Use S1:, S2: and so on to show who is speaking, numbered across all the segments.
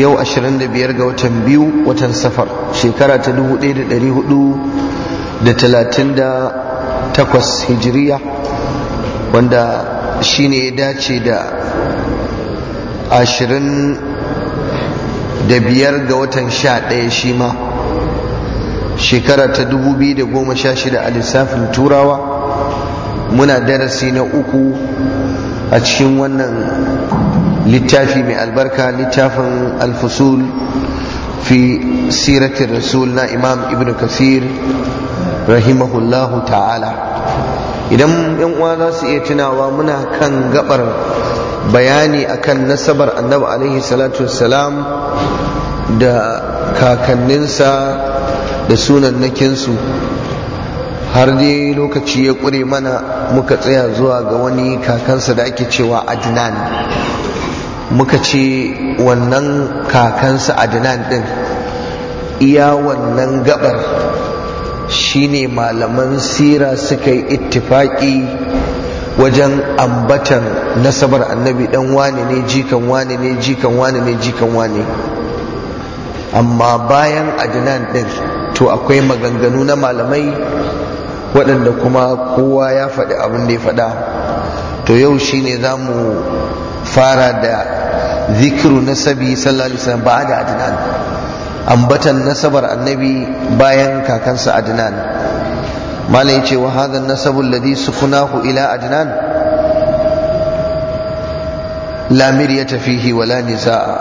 S1: yau 25 ga watan biyu watan safar shekara ta 1438 hijiriya wanda shine ya dace da 25 ga watan 11 shi ma shekara ta 2016 a lissafin turawa muna darasi na uku a cikin wannan littafi mai albarka littafin alfusul fi siratin rasul na imam ibn kasir rahimahullahu ta'ala idan yan uwa za su iya tunawa muna kan gabar bayani akan nasabar annabi alaihi salatu wassalam da kakanninsa da sunannakinsu har dai lokaci ya ƙure mana muka tsaya zuwa ga wani kakansa da ake cewa adnan muka ce wannan kakansa adnan din iya wannan gabar shine malaman sira suka yi ittifaki wajen ambatan nasabar annabi dan wane ne jikan wane ne jikan wane ne jikan wane amma bayan adnan din to akwai maganganu na malamai waɗanda kuma kowa ya faɗi abin da ya faɗa to yau shine za mu fara da Zikiru nasabi sallallahu alaihi wasallam ba'da adnan ambatan nasabar annabi bayan kakansa adnan malai yace wa hadha an-nasabu alladhi sukunahu ila adnan la miryata fihi wa la niza'a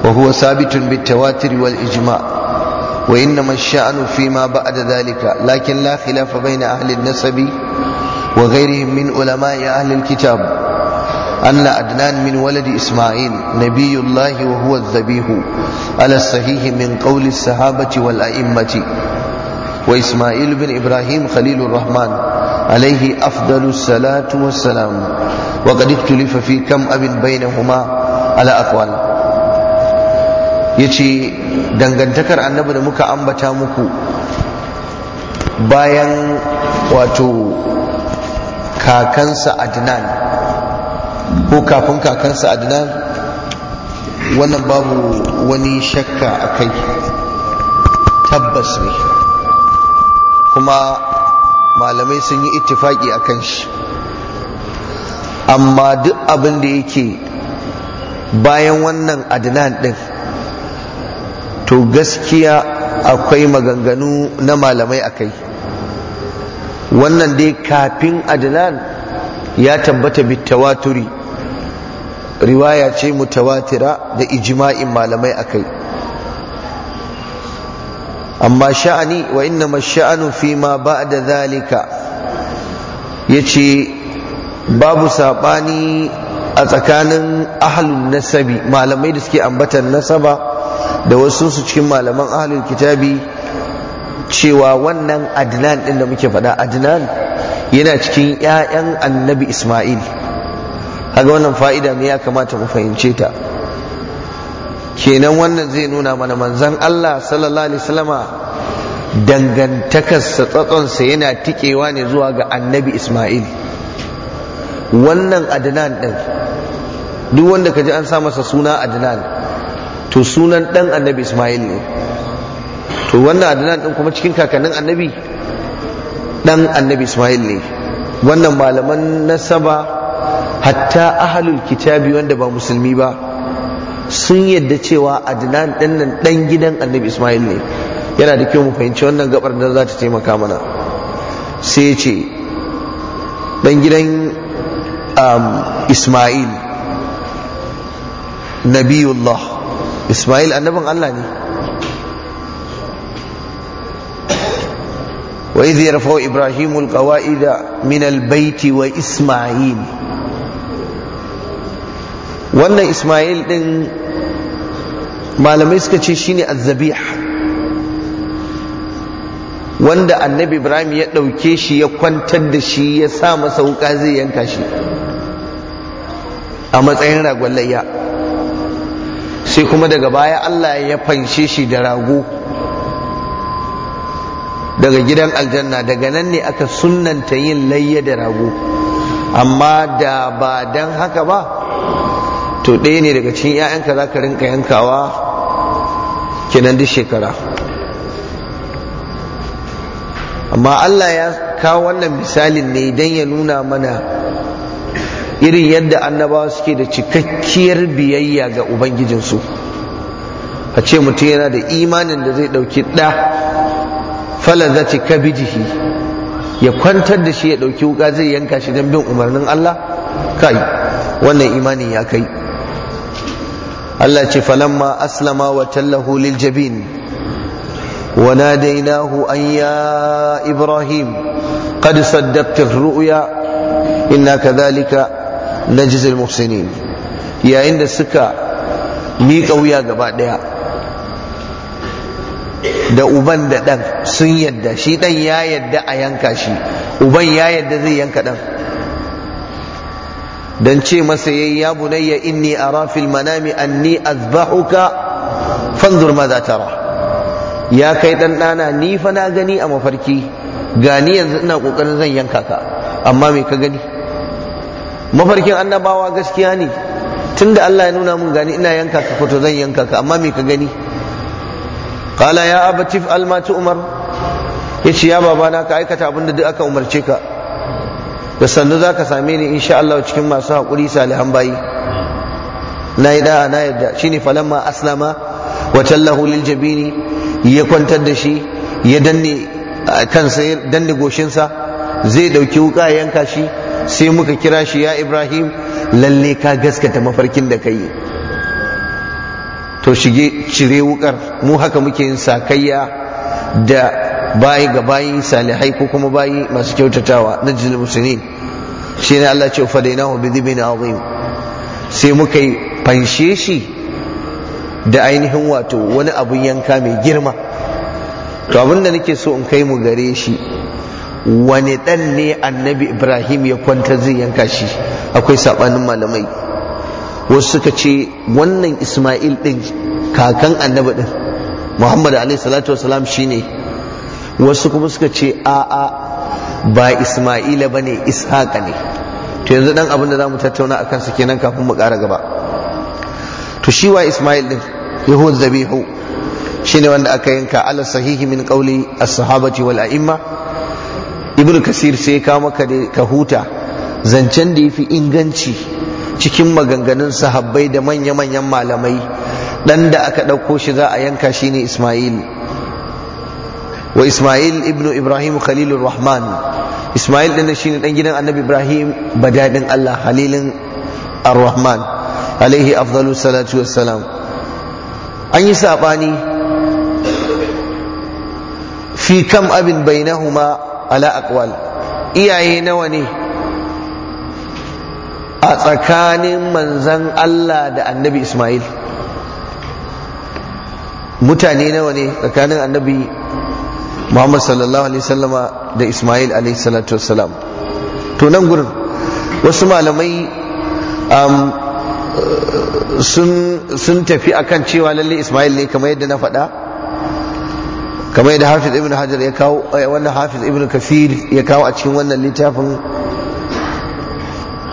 S1: wa huwa thabitun bitawatir wal ijma' وإنما الشأن فيما بعد ذلك لكن لا خلاف بين أهل النسب وغيرهم من علماء أهل الكتاب أن عدنان من ولد إسماعيل نبي الله وهو الذبيح على الصحيح من قول الصحابة والأئمة وإسماعيل بن إبراهيم خليل الرحمن عليه أفضل الصلاة والسلام وقد اختلف في كم أب بينهما على أقوال يتي dangantakar annabi da muka ambata muku bayan wato kakansa Adnan ko kafin kakansa adnan wannan babu wani shakka a kai tabbas ne kuma malamai sun yi ittifaki a kan shi amma duk abin da yake bayan wannan adinan ɗin to gaskiya akwai maganganu na malamai a kai wannan dai kafin adinan. ya tabbata bitawaturi riwaya ce mutawatira da ijma'in malamai akai amma sha'ani wa innama sha'anu fi ma ba'da zalika yace babu sabani a tsakanin ahlun nasabi malamai da suke ambatan nasaba da wasu su cikin malaman ahlul kitabi cewa wannan adnan din da muke faɗa adnan yana cikin 'ya'yan annabi isma'il haga wannan fa'ida ne ya kamata mu fahimce ta kenan wannan zai nuna mana manzan Allah sallallahu alaihi salama dangantakarsa tsatsonsa yana tikewa ne zuwa ga annabi Ismail wannan Adnan ɗin duk wanda ka ji an sa masa suna Adnan to sunan ɗan annabi Ismail ne to wannan Adnan ɗin kuma cikin kakannin annabi dan annabi ismail ne wannan malaman nasaba hatta ahalul kitabi wanda ba musulmi ba sun yadda cewa adnan dinnan dan gidan annabi ismail ne yana da kyau mu fahimci wannan gabar da za ta taimaka mana sai ce dan gidan um, ismail nabiyullah ismail annabin allah ne وإذ يرفع إبراهيم القواعد من wannan Isma'il وأن malamai suka ce لم يسكت شيني الذبيح wanda annabi ibrahim ya ɗauke shi ya kwantar da shi ya sa masa wuka zai yanka shi a matsayin ragon sai kuma daga baya allah ya fanshe shi da rago daga gidan aljanna daga nan ne aka sunnanta yin layya da rago amma da ba dan haka ba to ɗaya ne daga cikin 'ya'yanka za ka rinka yankawa kenan duk shekara amma Allah ya kawo wannan misalin ne don ya nuna mana irin yadda annabawa suke da cikakkiyar biyayya ga ubangijinsu a ce mutum yana da imanin da zai ɗauki ɗa falazati kabijihi ya kwantar da shi ya ɗauki wuka zai yanka shi don bin umarnin Allah kai wannan imani ya kai Allah ce falamma aslama wa tallahu lil jabin wa nadainahu an ya ibrahim qad saddaqta ru'ya inna kadhalika najzi al muhsinin yayin da suka miƙa wuya gaba ɗaya da uban da ɗan sun yadda shi ɗan ya yadda a yanka shi uban ya yadda zai yanka ɗan dan ce masa yayi ya bunayya inni ara fil manami anni azbahuka fanzur ma tara ya kai dan dana ni fa na gani a mafarki gani yanzu ina kokarin zan yanka ka amma me ka gani mafarkin annabawa gaskiya ne tunda Allah ya nuna mun gani ina yanka ka fito zan yanka ka amma me ka gani qala ya abati fa'al ma tu'mar yace ya babana ka aikata abin da duk aka umarce ka da sannu zaka same ni sha Allah cikin masu hakuri salihan bayi na yi da'a na yadda shine falamma aslama wa tallahu lil jabini ya kwantar da shi ya danne kan ya danne goshinsa zai dauki wuka yanka shi sai muka kira shi ya Ibrahim lalle ka gaskata mafarkin da kai to shige cire wukar mu haka muke yin sakayya da bayi ga bayi salihai ko kuma bayi masu kyautatawa na jil musulmi shi ne Allah ce wa bi dhibin azim sai muka yi fanshe shi da ainihin wato wani abun yanka mai girma to abin da nake so in kai mu gare shi wani dan ne annabi ibrahim ya kwanta zai yanka shi akwai sabanin malamai wasu suka ce wannan Ismail ɗin kakan annabi ɗin Muhammadu alaihi salatu wasalam shine wasu kuma suka ce a'a ba Ismaila ne ishaƙa ne to yanzu ɗan abin da za mu tattauna a kansu kenan kafin mu ƙara gaba to shi wa Ismail din yahud zabihu ne wanda aka yanka ala sahihi min ƙauli a sahabati wal a'imma kasir sai ka maka ka huta zancen da ya fi inganci cikin maganganun sahabbai da manya-manyan malamai dan da aka ɗauko shi za a yanka shi ne Ismail wa Ismail Ibn Ibrahim Khalilur Rahman Ismail din shi ne dan gidan Annabi Ibrahim Badaɗin Allah Halilin Ar-Rahman alaihi afdalu salatu wassalam an yi saɓani fi kam abin bainahuma ala aqwal iyaye nawa ne a tsakanin manzan Allah da annabi Ismail mutane nawa ne tsakanin annabi Muhammad sallallahu alaihi wasallama da Ismail alaihi salatu wassalam to nan gurin wasu malamai um, sun tafi akan cewa lalle Ismail ne kamar yadda na faɗa kamar yadda Hafiz Ibn Hajar ya kawo eh, wannan Hafiz Ibn Kathir ya kawo a cikin wannan littafin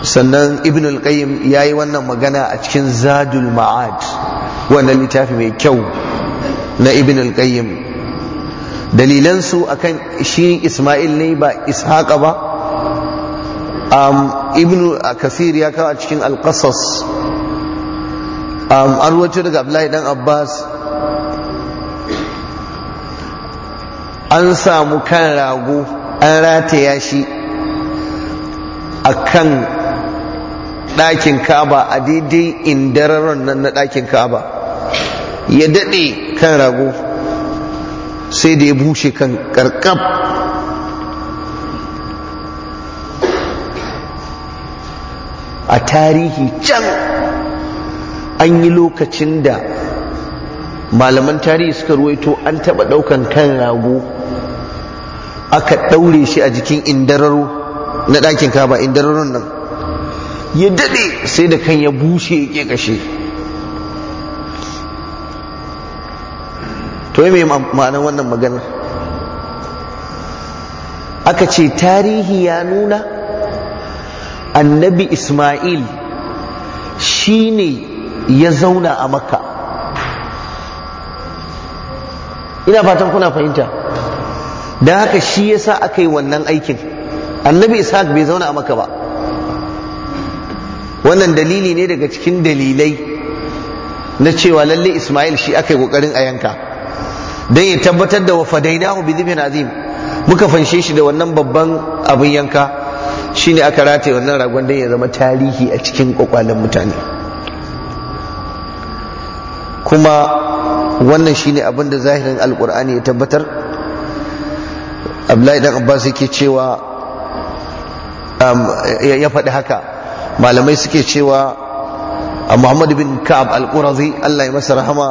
S1: sannan ibn al-qayyim yayi wannan magana a cikin zadul ma'ad wannan littafi mai kyau na ibn al-qayyim dalilan su akan shi isma'il ne ba ishaqa ba um, ibn kasir ya kawo a cikin al-qasas an ruwaito daga abdullahi dan abbas an samu kan rago an rataya shi akan ɗakin kaba a daidai indararren nan na ɗakin kaba ya daɗe kan rago sai da ya bushe kan ƙarƙar. a tarihi can an yi lokacin da malaman tarihi suka ruwaito an taɓa ɗaukan kan rago aka ɗaure shi a jikin indararro na ɗakin kaba indararon nan ya daɗe sai da kan ya bushe ya ke kashe to me ma'anar wannan magana aka ce tarihi ya nuna annabi ismail shi ne ya zauna a makka ina fatan kuna fahimta don haka shi yasa aka yi wannan aikin annabi ishaq bai zauna a makka ba wannan dalili ne daga cikin dalilai na cewa lalle Ismail shi aka yi kokarin a yanka don ya tabbatar da wafadainahu bi dhibhin azim muka fanshe shi da wannan babban abin yanka shine aka rataye wannan ragon don ya zama tarihi a cikin kwakwalen mutane kuma wannan shine abin da zahirin alkur'ani ya tabbatar abdullahi dan abbas yake cewa um, ya faɗi haka malamai suke cewa a Muhammadu bin ka'ab al-qurazi Allah ya masa rahama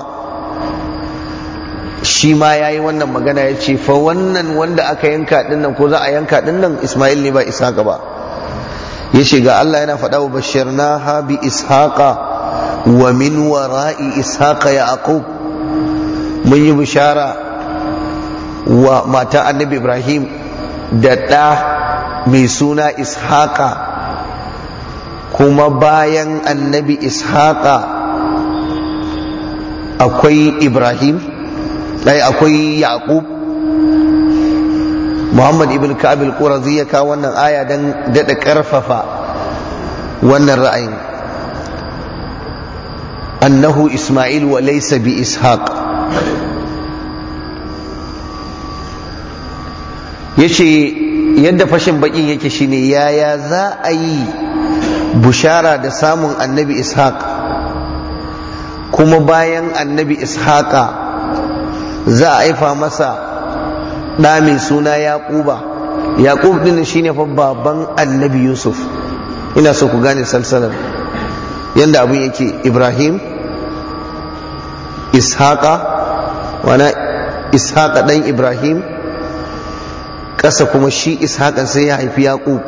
S1: shi ma ya yi wannan magana ya ce fa wannan wanda aka yanka dinnan ko za a yanka dinnan ismail ne ba ishaqa ba ya ce ga Allah yana faɗa wa bashirna ha bi ishaqa wa min wara'i ishaqa ya aqub mun yi bishara wa mata annabi ibrahim da ɗa mai suna ishaqa kuma bayan annabi ishaqa akwai ibrahim ɗaya akwai yaqub muhammad ibn ka'ab al-qurazi ya kawo wannan aya dan daɗa ƙarfafa wannan ra'ayin annahu isma'il wa laysa bi ishaq yace yadda fashin baƙin yake shine yaya za a yi bushara da samun annabi ishaq kuma bayan annabi ishaqa za a haifa masa ɗa mai suna yaquba yaqub din shine fa baban annabi yusuf ina so ku gane salsalar yanda abin yake ibrahim ishaqa wana ishaqa dan ibrahim ƙasa kuma shi ishaqan sai ya haifi yaqub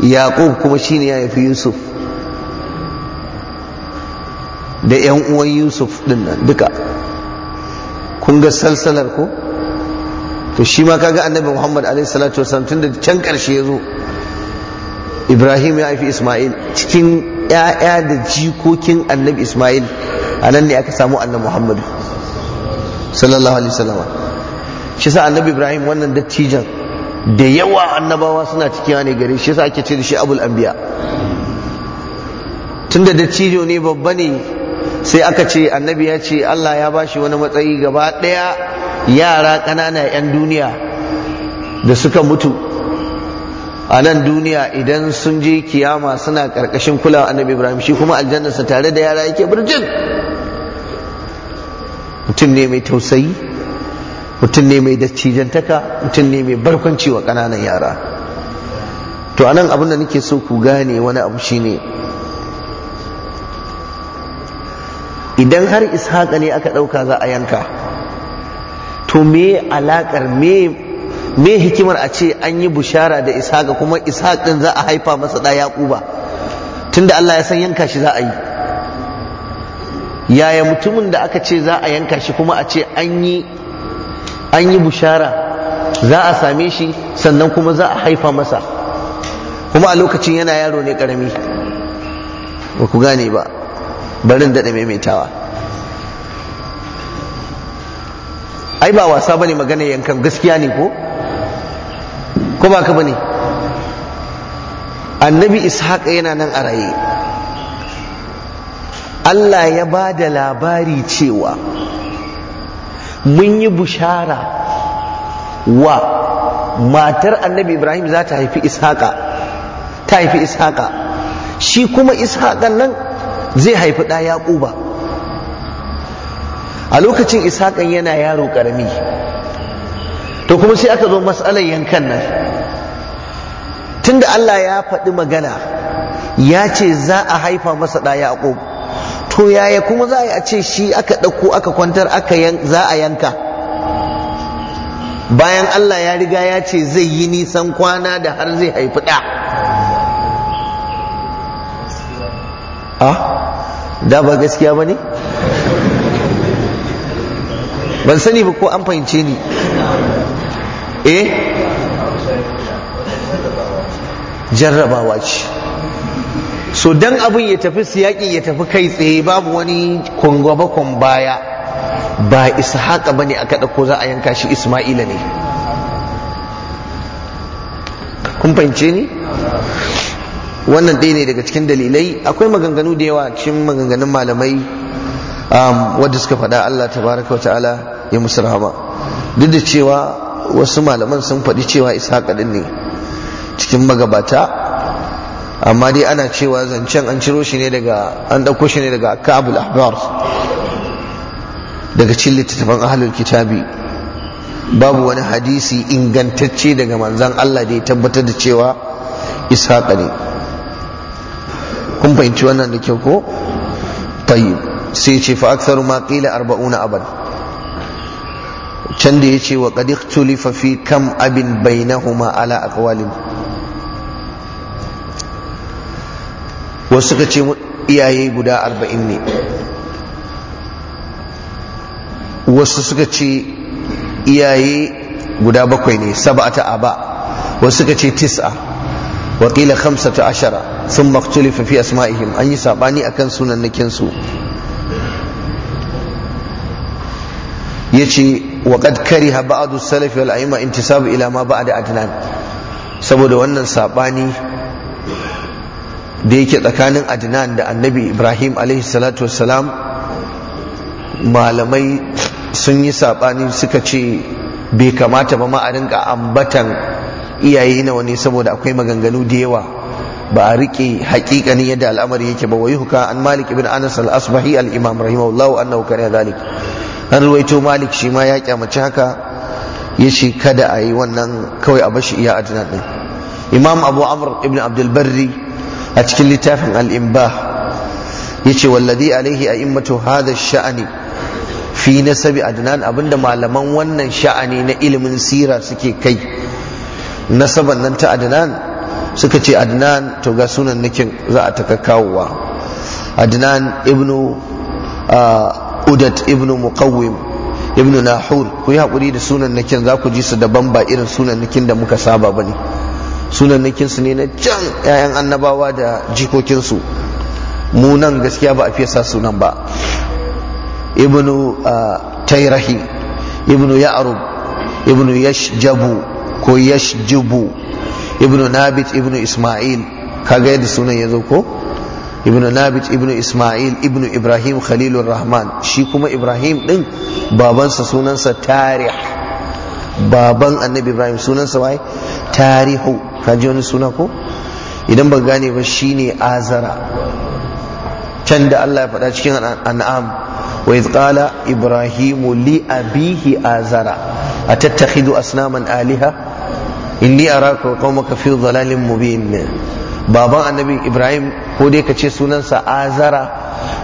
S1: yaƙub kuma shi ne ya haifi yusuf da yan uwan yusuf ɗinnan nan duka kun ga salsalar ko to shi ma kaga annabi muhammad alaihi salatu tun da can ƙarshe ya zo ibrahim ya haifi isma'il cikin ‘ya'ya da jikokin annabi Ismail a nan ne aka samu annabi Muhammadu sallallahu alaihi wasallam shi sa annabi Ibrahim wannan dattijan da yawa annabawa suna cikiya ne gare shi sa ake ce da shi abul biya. tunda da cijo ne babba ne sai aka ce annabi ya ce Allah ya bashi wani matsayi gaba ɗaya yara ƙanana 'yan duniya da suka mutu a nan duniya idan sun je kiyama suna ƙarƙashin kulawa annabi ibrahim shi kuma aljannarsa tare da yara yake birjin mutum ne mai tausayi mutum ne mai dattijantaka, mutum ne mai barkwanci wa ƙananan yara to anan abin da nake so ku gane wani abu shine idan har ishaƙa ne aka ɗauka za a yanka to me alaƙar me hikimar a ce an yi bushara da ishaƙa kuma ishaƙin za a haifa masa ɗa ƙuba, tunda Allah ya san yanka shi za a yi yaya mutumin da aka ce za a yanka shi kuma a ce an yi an yi bushara za a same shi sannan kuma za a haifa masa kuma a lokacin yana yaro ne karami ba ku gane ba barin daɗa maimaitawa ai ba wasa bane magana yankan gaskiya ne ko ko ba ka bane annabi ishaq yana nan a raye Allah ya ba da labari cewa mun yi bushara wa matar annabi ibrahim za ta haifi ishaqa ta haifi ishaqa shi kuma ishaqan nan zai haifi ɗa yaquba a lokacin ishaqan yana yaro ƙarami to kuma sai aka zo matsalar yankan nan tunda allah ya faɗi magana ya ce za a haifa masa ɗa yaqub to yaya kuma za a ce shi aka ɗauko aka kwantar aka za a yanka bayan Allah ya riga ya ce zai yi nisan kwana da har zai haifi ɗa a ah? da ba gaskiya ba ne ban sani ba ko an fahimce ni eh jarrabawa ce so don abin ya tafi siyaƙi ya tafi kai tsaye babu wani kwangwabakon baya ba ishaqa bane aka ɗauko za a yanka shi isma'ila ne kun fahimce ni wannan ɗaya ne daga cikin dalilai akwai maganganu da yawa cikin maganganun malamai um, wadda suka faɗa Allah tabaraka wa ta'ala ya musu rahama duk da cewa wasu malaman sun faɗi cewa ishaqa ɗin ne cikin magabata amma dai ana cewa zancen an ciro shi ne daga an ɗauko shi ne daga kabul ahbar daga cin littattafan ahlul kitabi babu wani hadisi ingantacce daga manzan Allah da ya tabbatar da cewa isa ne kun fahimci wannan da kyau ko tayyib sai ce fa aktharu ma qila 40 aban can da yace wa qad ikhtulifa fi kam abin bainahuma ala aqwalin wasu suka ce iyaye guda arba'in ne wasu suka ce iyaye guda bakwai ne saba'ata aba wasu suka ce tis'a wakila khamsata ashara sun maktulifa fi asma'ihim an yi sabani akan sunannakin su yace wa qad kariha ba'du salaf wal a'imma ila ma da adnan saboda wannan sabani da yake tsakanin adnan da annabi ibrahim salatu malamai sun yi saɓani suka ce bai kamata ba ma a rinka ambatan iyaye na wani saboda akwai maganganu da yawa ba a rike hakikanin yadda al'amari yake ba wai huka an malik ibn anas al-asbahi al-imam rahimahullahu annahu kare zalik an ruwaito malik shi ma ya kyamaci haka ya ce kada a yi wannan kawai a bashi iya adnan din imam abu amr ibn abdul barri a cikin littafin al'imba ya ce walladi alaihi a immatu hada sha'ani fi nasabi adnan abinda malaman wannan sha'ani na ilimin sira suke kai nasaban nan ta adnan suka ce adnan to ga sunan nakin za a taka kawowa adnan ibnu udat ibnu muqawwim ibnu nahur ku yi haƙuri da sunan nakin za ku ji su daban ba irin sunan nakin da muka saba ba ne sunannakinsu ne na can 'ya'yan annabawa da jikokinsu mu nan gaskiya ba a fiye sa sunan ba ibnu ah, tairahi ibnu ya'rub ibnu yashjabu ko yashjubu ibnu nabit ibnu isma'il kaga yadda sunan ya ko ibnu nabit ibnu isma'il ibnu ibrahim khalilur rahman shi kuma ibrahim din babansa sunansa tarih baban annabi ibrahim sunansa wai tarihu ka ji wani suna ko idan ban gane ba shine azara can da Allah ya faɗa cikin an'am wa idh qala ibrahimu li abihi azara atattakhidu asnaman aliha inni araka qaumaka fi dhalalin mubin baban annabi ibrahim ko dai ka ce sunansa azara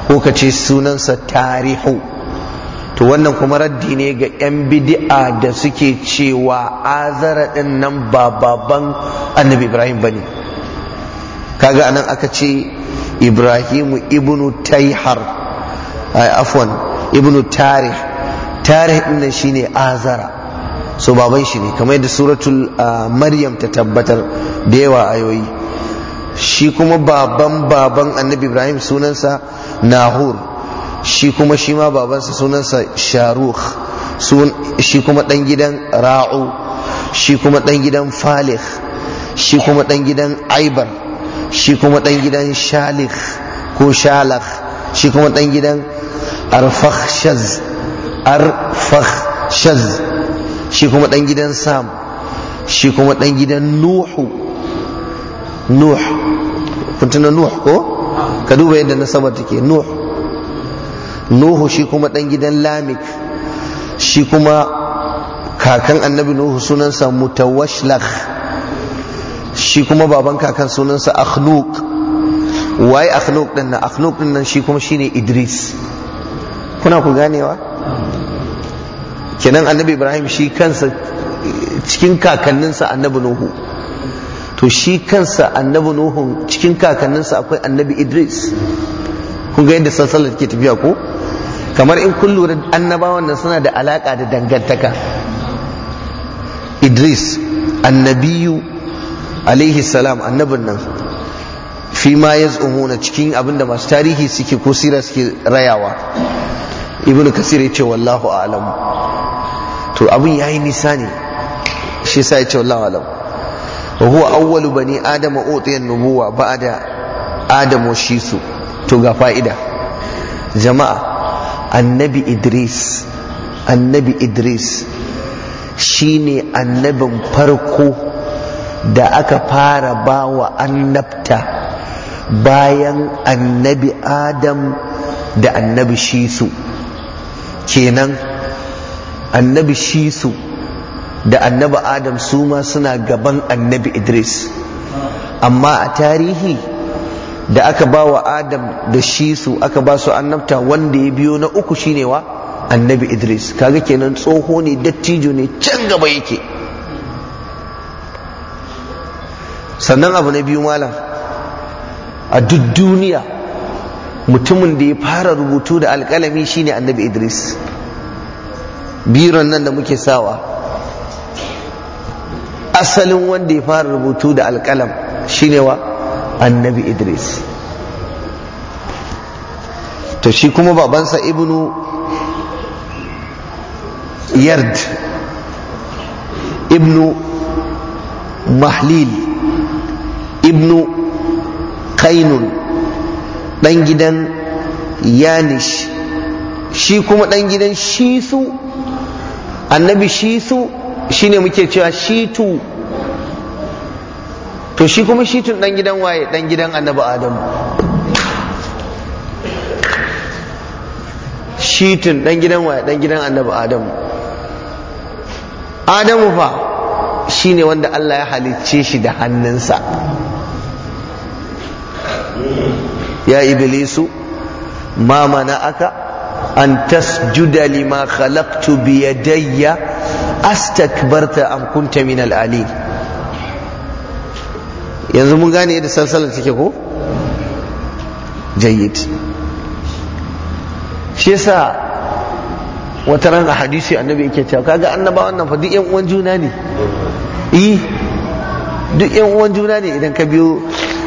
S1: ko ka ce sunansa tarihu to wannan kuma raddi ne ga 'yan bidi'a da suke cewa azara ɗin nan ba baban annabi ibrahim ba ne kaga anan aka ce ibrahimu ibnu taihar afwan ibnu tarih tarih ɗin nan shine azara so baban shi ne kamar yadda suratul maryam ta tabbatar da yawa ayoyi shi kuma baban baban annabi ibrahim sunansa nahur shi kuma shi ma babansa sunansa sharukh shi kuma dan gidan ra'u shi kuma dan gidan falih shi kuma dan gidan aibar shi kuma dan gidan shalikh ko shalakh shi kuma dan gidan arfakhshaz arfakhshaz shi kuma dan gidan sam shi kuma dan gidan nuhu nuh kun nuh ko ka duba yadda nasabar take nuh nuhu shi kuma ɗan gidan lamik shi kuma kakan annabi nuhu sunansa mutawashlakh shi kuma baban kakan sunansa akhnuk wai akhnuk din nan akhnuk din nan shi kuma shine idris kuna ku ganewa kenan annabi ibrahim shi kansa cikin kakanninsa annabi nuhu to shi kansa annabi nuhu cikin kakanninsa akwai annabi idris kun ga yadda sansalar ke tafiya ko kamar in kun lura annabawan nan suna da alaka da dangantaka idris annabiyu alaihi salam annabin nan fi ma ya na cikin abinda masu tarihi suke ko sira suke rayawa Ibn kasir ya ce wallahu alamu to abin ya yi nisa ne shi sa ya ce wallahu alamu wa huwa awwalu bani adama utiyan nubuwa ba'da adamu shisu to ga fa'ida jama'a annabi idris annabi idris shine annabin farko da aka fara ba wa annabta bayan annabi adam da annabi shisu kenan annabi shisu da annabi adam su ma suna gaban annabi idris amma a tarihi da aka ba wa adam da shi su aka ba su annabta wanda ya biyo na uku shine wa annabi idris kaga kenan tsoho ne dattijo ne can gaba yake sannan abu na biyu malam a duk duniya mutumin da ya fara rubutu da alkalami shine annabi idris biron nan da muke sawa asalin wanda ya fara rubutu da alkalam shine wa annabi idris to shi kuma babansa ibnu yard ibnu mahlil ibnu kainun ɗan gidan yanish shi kuma ɗan gidan shisu annabi shisu shine muke cewa shitu to shi kuma shi tun dan gidan waye dan gidan annabi adamu shi tun dan gidan waye dan gidan annabi adamu adamu fa shi ne wanda Allah ya halicce shi da hannunsa ya iblisu ma mana aka an tasjuda lima khalaqtu biyadayya astakbarta am kunta min al-alil yanzu mun gane yadda salsalar take ko jayyid shi yasa wata ran a hadisi annabi yake cewa kaga annaba wannan fa duk yan uwan juna ne eh duk yan uwan juna ne idan ka biyo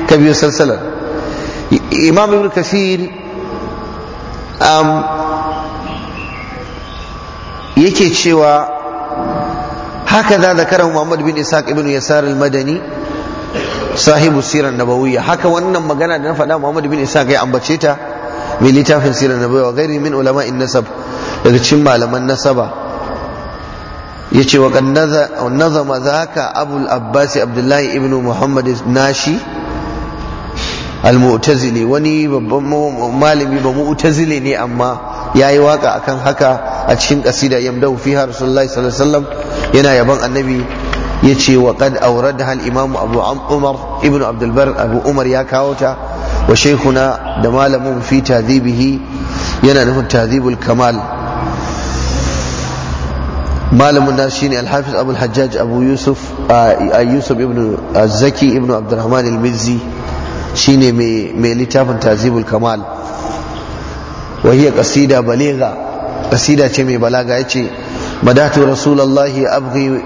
S1: ka biyo salsalar imam ibn kasir um, yake cewa هكذا ذكره محمد بن إسحاق بن يسار المدني sahibu sirar nabawiyya haka wannan magana da na faɗa muhammadu bin Isa ga ambace ta mai littafin sirar nabawiyya gairi min ulama in nasab daga cikin malaman nasaba yace wa nazama zaka abul abbas abdullahi ibn muhammad nashi al-mu'tazili wani babban malami ba mu'tazili ne amma yayi waka akan haka a cikin kasida yamdau fiha rasulullahi sallallahu alaihi wasallam yana yaban annabi yace wa qad awradaha al-imam Abu Umar ibn Abd al-Bar Abu Umar ya kawo ta wa shaykhuna da malamin fi tadhibihi yana nufin tadhibul kamal malamin na shine al-Hafiz Abu al-Hajjaj Abu Yusuf Yusuf ibn Zaki ibn Abd al-Rahman al-Mizzi shine mai mai littafin tadhibul kamal wa hiya qasida baligha qasida ce mai balaga yace مدحت رسول الله أبغي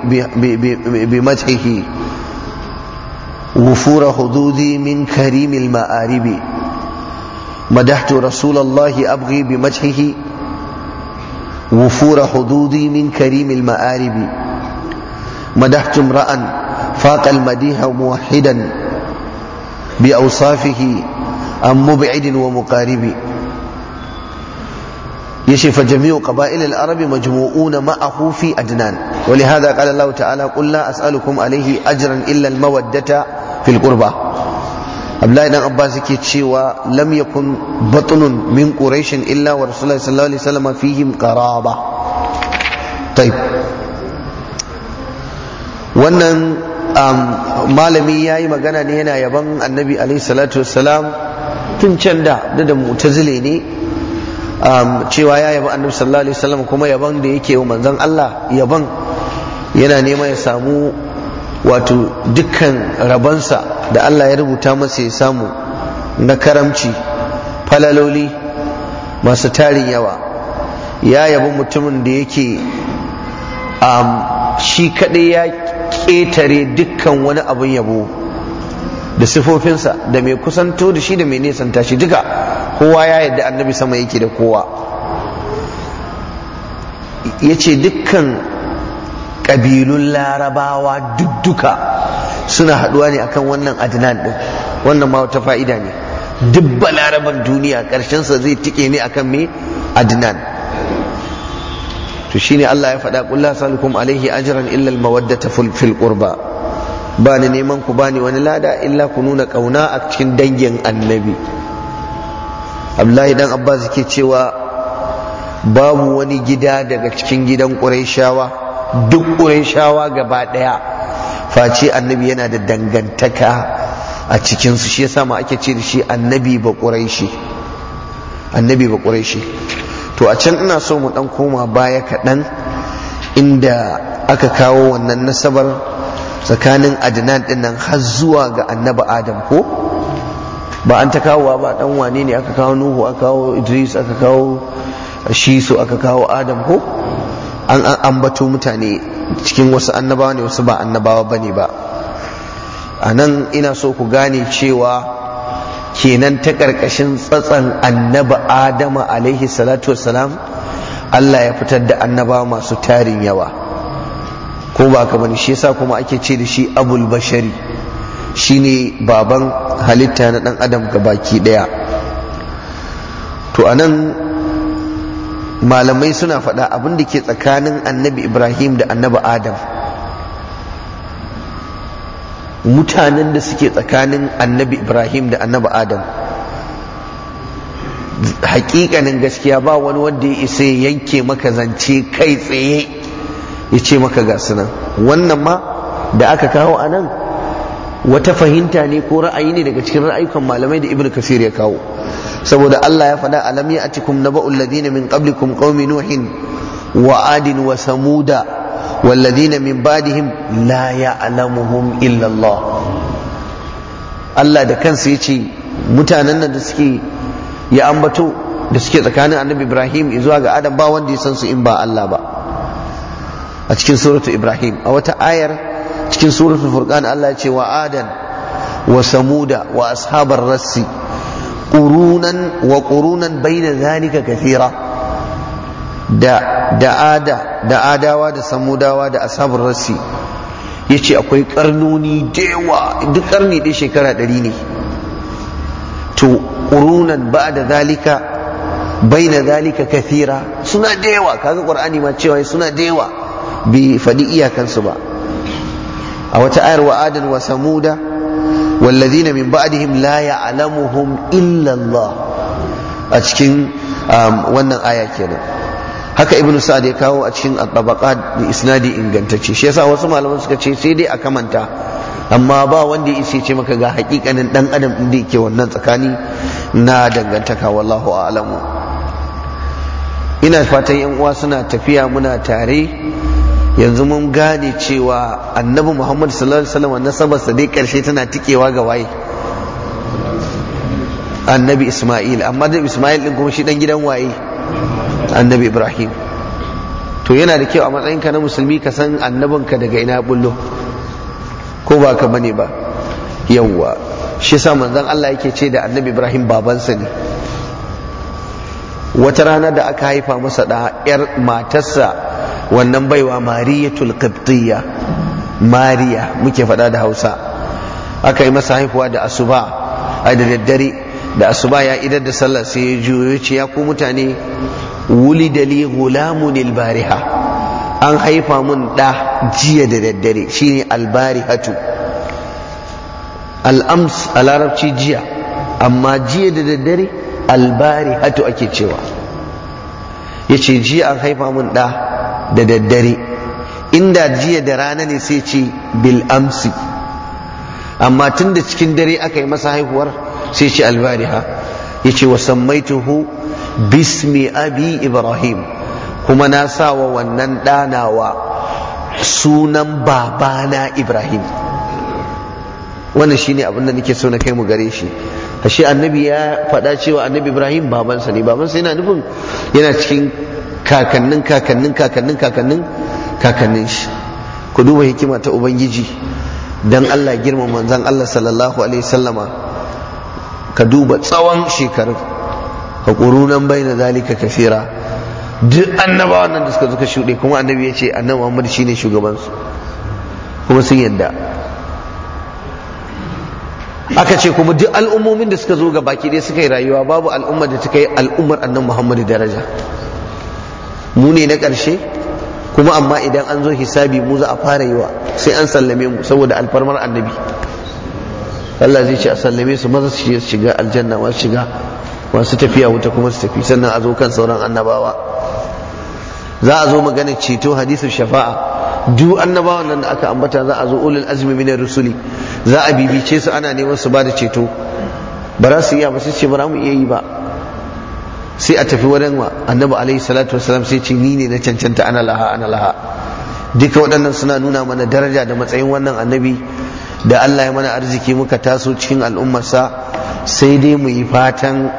S1: بمدحه وفور حدودي من كريم المآرب مدحت رسول الله أبغي بمدحه وفور حدودي من كريم المآرب مدحت امرأ فاق المديح موحدا بأوصافه أم مبعد ومقارب yace fa jami'u qaba'il al-arabi majmu'una ma'ahu fi adnan wa li hadha qala Allah ta'ala qul la as'alukum alayhi ajran illa al-mawaddata fil qurba Abdullahi dan Abbas yake cewa lam yakun batnun min quraish illa wa rasulullahi sallallahu alaihi wasallam fihim qaraba طيب wannan um, malami ya yi magana ne yana yaban annabi alaihi salatu wassalam tun can da da mutazile ne Um, cewa ya yabi annabi sallallahu alaihi wasallam kuma yaban da yake wa manzon Allah yaban yana neman ya samu wato dukkan rabansa da Allah ya rubuta masa ya samu na karamci falaloli masu tarin yawa ya yabi mutumin da yake um, shi kaɗai ya ƙetare dukkan wani abin yabo da sifofinsa da mai kusanto da shi da mai nesanta shi duka kowa ya yadda annabi sama yake da kowa ya ce dukkan ƙabilun larabawa dudduka suna haɗuwa ne akan wannan adnan ɗin wannan ma wata fa'ida ne dubba laraban duniya ƙarshensa zai tike ne akan me adnan to shine Allah ya faɗa ƙulla la salukum alaihi ajiran illal mawadda mawaddata fil ƙurba ba ni neman ku bani wani lada illa ku nuna ƙauna a cikin dangin annabi abdullahi dan abbas ke cewa babu wani gida daga cikin gidan ƙurayshawa duk ƙuraishawa gaba ɗaya face annabi yana da dangantaka a cikinsu shi yasa ma ake ce da shi annabi ba ƙuraishi annabi ba ƙuraishi to a can ina so mu ɗan koma baya kaɗan inda aka kawo wannan nasabar tsakanin adnan ɗin nan har zuwa ga annabi adam ko ba an ta kawowa ba dan wane ne aka kawo nuhu aka kawo idris aka kawo shisu aka kawo adam ko an ambato mutane cikin wasu annabawa ne wasu ba annabawa bane ba a nan ina so ku gane cewa kenan ta ƙarƙashin tsatsan annabi adama alaihi salatu wassalam allah ya fitar da annabawa masu tarin yawa ko ba ka shi yasa kuma ake ce da shi abul bashari shine baban halitta na dan adam baki daya to anan malamai suna faɗa abin da ke tsakanin annabi ibrahim da annabi adam mutanen da suke tsakanin annabi ibrahim da annabi adam hakikanin gaskiya ba wani wanda ya isa yanke maka zance kai tsaye ya ce maka ga sunan wannan ma da aka kawo anan wata fahimta ne ko ra'ayi ne daga cikin ra'ayukan malamai da ibnu kasir ya kawo saboda Allah ya faɗa alam ya'tikum naba'u ladina min qablikum qaumi nuhin wa adin wa samuda walladina min ba'dihim la ya'lamuhum illa Allah Allah da kansa yace mutanen nan da suke ya ambato da suke tsakanin annabi Ibrahim zuwa ga Adam ba wanda ya san su in ba Allah ba a cikin suratu Ibrahim a wata ayar cikin suratul furqan Allah ya ce wa adan wa samuda wa ashabar rassi qurunan wa qurunan baina zalika kathira da da ada da adawa da samudawa da ashabar rassi yace akwai karnoni da yawa duk karni ɗin shekara ɗari ne to qurunan ba'da zalika baina zalika kathira suna da yawa kaga qur'ani ma cewa suna da yawa bi fadi iyakansu ba a wata ayar wa adan wa samuda wallazina min ba'dihim la ya'lamuhum illa Allah a cikin um, wannan aya kenan haka ibnu sa'ad ya kawo a cikin at-tabaqat bi isnadi ingantacce shi yasa wasu malaman suka ce sai dai a kamanta amma ba wanda ya ce maka ga hakikanin dan adam inda yake wannan tsakani na dangantaka wallahu a'lamu ina fatan yan uwa suna tafiya muna tare yanzu mun gane cewa annabi muhammad sallallahu alaihi wasallam nasabarsa dai karshe tana tikewa ga waye annabi isma'il amma da isma'il din kuma shi dan gidan waye annabi ibrahim to yana da kyau a matsayinka na musulmi ka san annabinka daga ina bullo ko ba ka bane ba yawwa shi sa manzon Allah yake ce da annabi ibrahim babansa ne wata rana da aka haifa masa da yar matarsa wannan baiwa mariyatul qibtiyya mariya muke faɗa da hausa aka yi masa haifuwa da asuba a da daddare da asuba ya idar da sallah sai ya juyo ce ya ku mutane wuli dali gulamun albariha an haifa mun ɗa jiya da daddare shine albarihatu al'ams a larabci jiya amma jiya da daddare albarihatu ake cewa ya ce jiya an haifa mun ɗa da daddare inda jiya da rana ne sai ce bil amsi amma tun da cikin dare aka yi masa haihuwar sai ce albariha ya ce wasammaituhu bismi abi ibrahim kuma na sawa wannan ɗanawa sunan babana ibrahim wannan shine abin da nake so na kai mu gare shi ashe annabi ya faɗa cewa annabi ibrahim babansa ne babansa yana nufin yana cikin kakannin kakannin kakannin kakannin kakannin shi ku duba hikima ta ubangiji dan allah girma manzan allah sallallahu alaihi sallama ka duba tsawon shekarun ka ƙurunan bai na zalika kafira duk annabawan nan da suka zuka shuɗe kuma annabi ya ce annabi muhammad shine shugabansu kuma sun yadda aka ce kuma duk al'ummomin da suka zo ga baki ɗaya suka yi rayuwa babu al'ummar da suka yi al'ummar annan muhammadu daraja mu ne na ƙarshe kuma amma idan an zo hisabi mu za a fara yi wa sai an sallame mu saboda alfarmar annabi Allah zai ce a sallame su maza su shiga aljanna masu shiga masu tafiya wuta kuma su tafi sannan a zo kan sauran annabawa za a zo maganar ceto hadisin shafa'a duk annabawan nan da aka ambata za a zo ulul azmi minar rusuli za a bibice su ana neman su ba da ceto ba za su iya ba sai ce ba za mu iya yi ba sai a tafi wurin annabi alaihi salatu wasalam sai ce ni ne na cancanta ana laha ana laha duka waɗannan suna nuna mana daraja da matsayin wannan annabi da Allah ya mana arziki muka taso cikin al'ummarsa sai dai mu yi fatan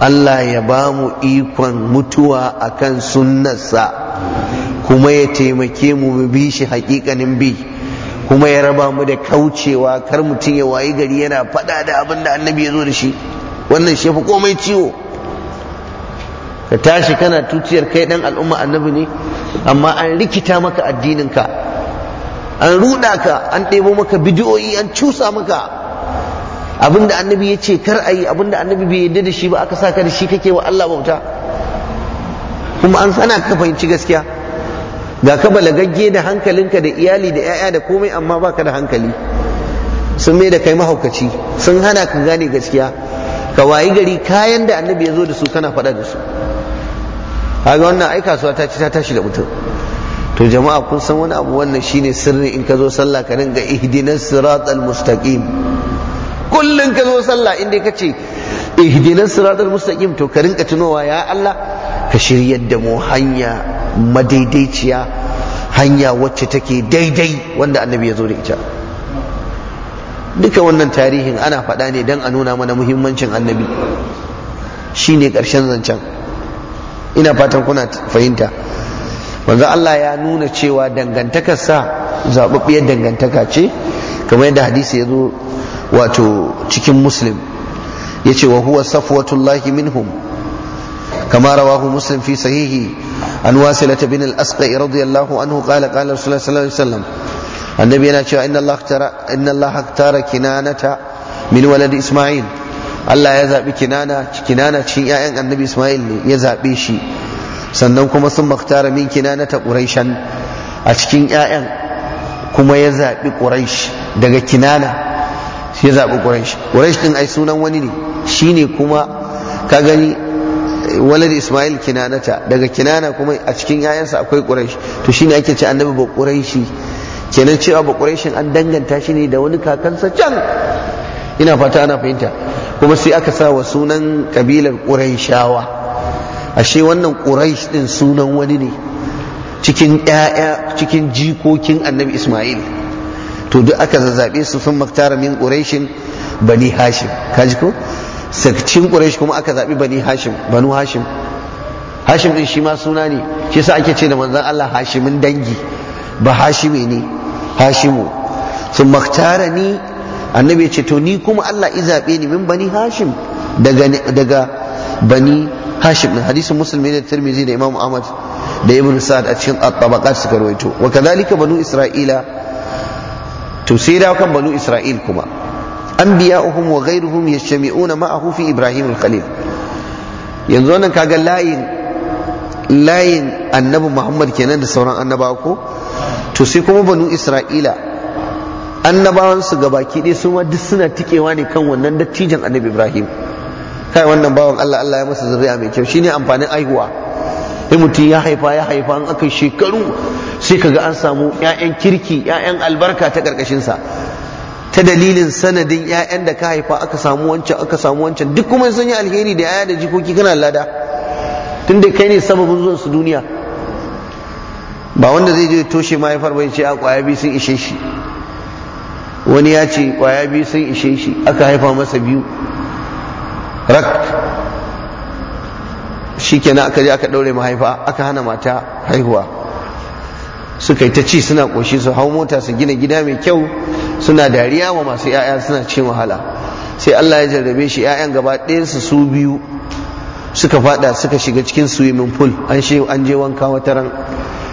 S1: Allah ya ba mu ikon mutuwa a kan sunnarsa kuma ya taimake mu mu bi shi hakikanin bi kuma ya raba mu da kaucewa kar mutum ya wayi gari yana faɗa da abin da annabi ya zo da shi wannan shi fi komai ciwo ka tashi kana tuciyar kai dan al'umma annabi ne amma an rikita maka addininka an ruɗa ka an ɗebo maka bidiyoyi an cusa maka abinda annabi ya ce kar a yi abinda annabi bai yarda da shi ba aka sa da shi kake wa Allah bauta kuma an sana ka fahimci gaskiya ga ka balagagge da hankalinka da iyali da 'ya'ya da komai amma baka da hankali sun mai da kai mahaukaci sun hana ka gane gaskiya ka wayi gari kayan da annabi ya zo da su kana faɗa da su haga wannan ai kasuwa ta ci ta tashi da mutum to jama'a kun san wani abu wannan shine sirri in ka zo sallah ka dinga ihdinas siratal mustaqim kullun ka zo sallah in dai kace ihdinas siratal mustaqim to ka rinka tunowa ya Allah ka shiryar da mu hanya madaidaiciya hanya wacce take daidai wanda annabi ya zo da ita duka wannan tarihin ana faɗa ne don a nuna mana muhimmancin annabi shi ne ƙarshen zancen ina fatan kuna fahimta wanzu Allah ya nuna cewa dangantakar sa zaɓaɓɓiyar dangantaka ce kamar yadda hadisi ya zo wato cikin muslim ya ce wa huwa safwatullahi minhum kamar rawahu muslim fi sahihi an wasilata bin al-asqa radiyallahu anhu qala qala rasulullah sallallahu alaihi annabi yana cewa inna allah tara inna allah tara kinanata min walad isma'il allah ya zabi kinana kinana cikin ƴaƴan annabi isma'il ne ya zabe shi sannan kuma sun maktara min kinanata quraishan a cikin ƴaƴan kuma ya zaɓi quraish daga kinana ya zabi quraish quraish din ai sunan wani ne shine kuma ka gani walad isma'il kinanata daga kinana kuma a cikin yayansa akwai quraish to shine ake ce annabi ba quraishi kenan cewa ba quraishin an danganta shi ne da wani kakansa can ina fata ana fahimta kuma sai aka sa wa sunan kabilar quraishawa ashe wannan quraish din sunan wani ne cikin 'ya'ya cikin jikokin annabi isma'il to duk aka zazzabe su sun maktara min quraishin bani hashim kaji ko sakcin ƙuraish kuma aka zaɓi bani hashim banu hashim hashim din shi ma suna ne shi yasa ake ce da manzon Allah hashimin dangi ba hashimi ne hashimu sun maktara ni annabi ya ce to ni kuma Allah i zabe ni min bani hashim daga daga bani hashim na hadisin musulmi da tirmidhi da imam ahmad da ibn sa'ad a cikin at-tabaqat suka rawaito wa kadhalika banu isra'ila to sai da kan banu isra'il kuma anbiya'uhum wa ghayruhum yajtami'una ma'ahu fi ibrahim al-khalil yanzu wannan kaga layin layin annabi muhammad kenan da sauran annabawa ko to sai kuma banu isra'ila annabawan su baki ɗaya su ma duk suna tikewa ne kan wannan dattijan annabi ibrahim kai wannan bawan allah allah ya masa zuriya mai kyau shine amfanin aihuwa sai mutum ya haifa ya haifa an aka shekaru sai kaga an samu 'ya'yan kirki 'ya'yan albarka ta ƙarƙashinsa ta dalilin sanadin 'ya'yan da ka haifa aka samu wancan aka samu wancan duk kuma sun yi alheri da 'ya'ya da jikoki kana lada tun da kai ne sababin zuwan su duniya ba wanda zai je toshe mahaifar bai ce a kwaya biyu sun ishe shi wani ya ce kwaya biyu sun ishe shi aka haifa masa biyu rak shi kenan aka je aka ɗaure mahaifa aka hana mata haihuwa suka yi ta ci suna ƙoshi su hau mota su gina gida mai kyau suna dariya wa masu 'ya'ya suna cin wahala sai Allah ya jarrabe shi 'ya'yan gaba ɗayansu su biyu suka fada suka shiga cikin swimming pool an shi an je wanka wata ran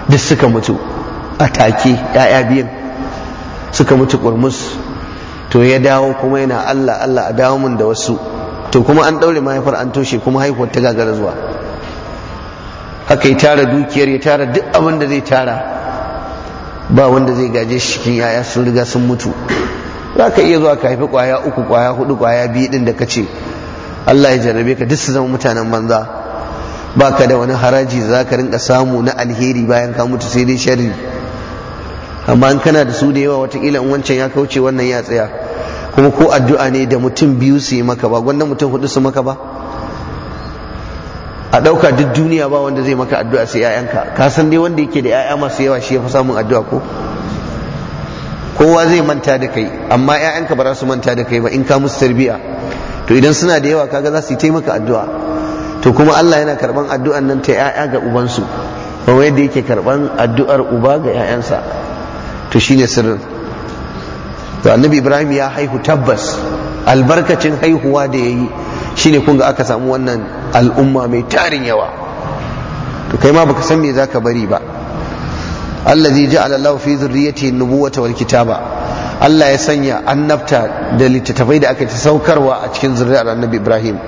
S1: duk suka mutu a take 'ya'ya biyan suka mutu kurmus to ya dawo kuma yana Allah Allah a dawo mun da wasu to kuma an daure mahaifar an toshe kuma haihuwar ta gagara zuwa haka ya tara dukiyar ya tara duk abin da zai tara ba wanda zai gaje shi cikin yaya sun riga sun mutu za ka iya zuwa ka haifi kwaya uku kwaya hudu kwaya biyu din da ka ce Allah ya jarrabe ka duk su zama mutanen banza ba ka da wani haraji za ka rinka samu na alheri bayan ka mutu sai dai sharri amma in kana da su da yawa watakila in wancan ya kauce wannan ya tsaya kuma ko addu'a ne da mutum biyu su yi maka ba gwanda mutum hudu su maka ba a ɗauka duk duniya ba wanda zai maka addu'a sai 'ya'yanka ka san dai wanda yake da 'ya'ya masu yawa shi ya fi samun addu'a ko kowa zai manta da kai amma 'ya'yanka ba za su manta da kai ba in ka musu tarbiya to idan suna da yawa kaga za su yi taimaka addu'a to kuma Allah yana karban addu'an nan ta 'ya'ya ga ubansu ba da yake karban addu'ar uba ga 'ya'yansa to shine sirrin to annabi Ibrahim ya haihu tabbas albarkacin haihuwa da yayi Shi ne kun ga aka samu wannan al'umma mai tarin yawa to kai ma baka san me zaka bari ba allazi ja'ala Allahu fi dhurriyyati an-nubuwata wal kitaba Allah ya sanya annabta da littattafai da aka ta saukarwa a cikin zuriyar annabi Ibrahim